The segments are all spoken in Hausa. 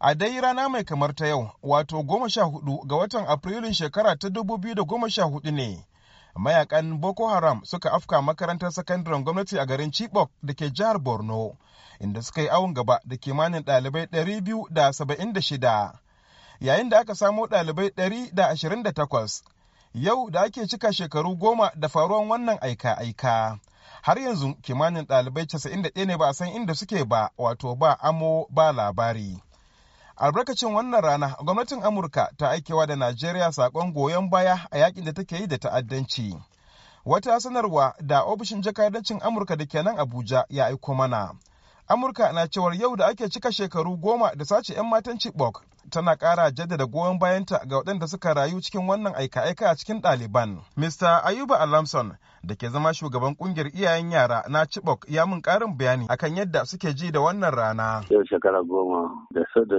A dai rana mai kamar ta yau, wato goma sha hudu ga watan Afrilun shekara ta dubu biyu da goma sha hudu ne. Mayakan Boko Haram suka afka makarantar sakandaren gwamnati a garin Chibok da ke jihar Borno, inda suka yi awon gaba da kimanin ɗalibai ɗari biyu da saba'in da shida. Yayin da aka samo ɗalibai ɗari da ashirin da takwas. Yau da ake cika shekaru goma da faruwan wannan aika-aika. har yanzu kimanin ɗalibai ɗaya ne ba a san inda suke ba wato ba amo ba labari albarkacin wannan rana gwamnatin amurka ta aikewa da najeriya sakon goyon baya a yakin da take yi da ta'addanci wata sanarwa da ofishin jakadancin amurka da ke nan abuja ya aiko mana amurka na cewar yau da ake cika shekaru goma da sace 'yan matan chibok tana kara jaddada goyon bayanta ga waɗanda suka rayu cikin wannan aika-aika a cikin ɗaliban. Mr. Ayuba Alamson da ke zama shugaban ƙungiyar iyayen yara na Chibok ya mun ƙarin bayani akan yadda suke ji da wannan rana. Yau shekara goma da su da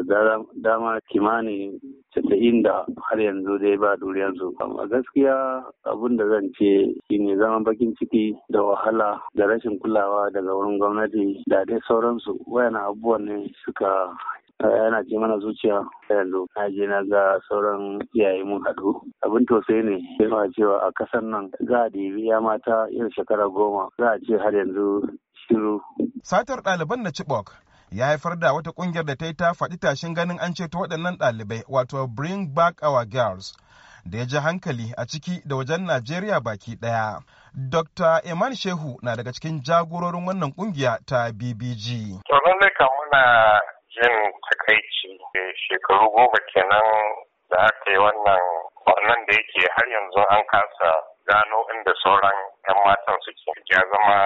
dama kimanin casa'in da har yanzu dai ba yanzu. amma gaskiya abin da zan ce shine zaman bakin ciki da wahala da rashin kulawa daga wurin gwamnati da dai sauransu wayana abubuwan ne suka eh, yana ce mana zuciya yanzu na je na ga sauran iyaye mun haɗu abin tausayi ne yana cewa a ƙasar nan za a ya mata yin shekara goma za a ce har yanzu shiru satar ɗaliban na chibok ya haifar da wata kungiyar da ta yi ta faɗi tashin ganin an ceto waɗannan ɗalibai wato bring back our girls da ya ji hankali a ciki da wajen najeriya baki ɗaya dr iman shehu na daga cikin jagororin wannan kungiya ta bbg muna jin takaici shekaru goma kenan da aka yi wannan wannan da yake har yanzu an kasa gano inda sauran 'yan matan suke ya zama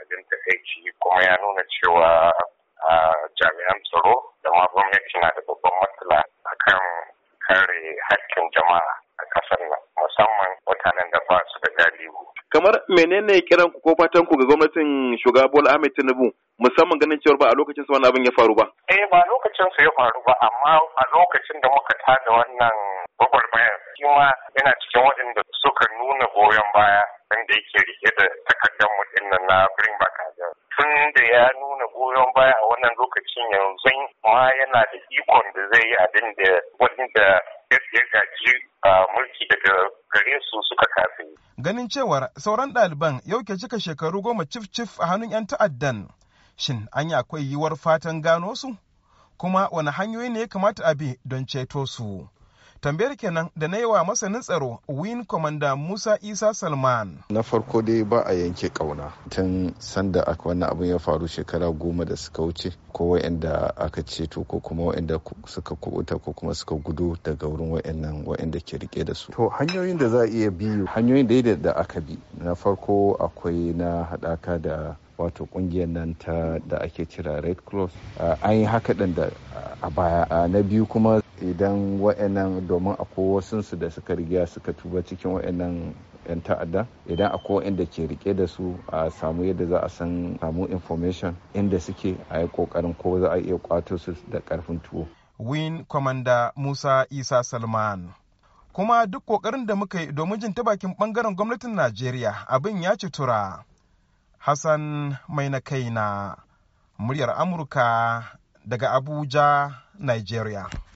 abin takaici kuma ya nuna cewa A jami'an tsaro da ma gwamnati na da babban matsala a kan kare hakkin jama'a a ƙasar nan musamman mutanen da ba su da galibu. Kamar menene kiran ku ko fatan ku ga gwamnatin shugaba Bola Ahmed Tinubu musamman ganin cewar ba a lokacin su wannan abin ya faru ba? Eh ba lokacin su ya faru ba amma a lokacin da muka tada wannan gwagwarmayar shi ma yana cikin waɗanda suka nuna goyon baya wanda yake rike da takardar mu na Bring Back Tun da ya nuna goyon baya a wannan lokacin yanzu ma yana da ikon da zai yi abin da wanda ya gaji mulki daga gare su suka kafe. Ganin cewar sauran ɗaliban yauke cika shekaru goma cif-cif a hannun 'yan ta'addan. Shin an yi akwai yiwuwar fatan gano su? Kuma wani hanyoyi ne ya kamata a bi don ceto su? tambayar kenan da na yi wa masanin tsaro win komanda musa isa salman na farko dai ba a yanke kauna tun sanda aka wannan abin ya faru shekara goma da suka wuce ko wa'anda aka ceto ko kuma wa'anda suka kubuta ko kuma suka gudu daga wurin wa'annan wa'anda ke rike da su to hanyoyin da za a iya biyu. hanyoyin da da aka bi na farko akwai na hadaka da wato kungiyar nan ta da ake kira red cross an yi haka da a baya na biyu kuma idan wa'annan domin akwai su da suka riga suka tuba cikin wa'annan 'yan ta'adda idan akwai wa'anda ke rike da su a samu yadda za a san samu information inda suke a yi kokarin ko za a iya kwato su da karfin tuwo. win commander musa isa salman kuma duk kokarin da muka yi domin jin ta bakin bangaren gwamnatin najeriya abin ya ci tura hassan mai na kai na muryar amurka daga abuja nigeria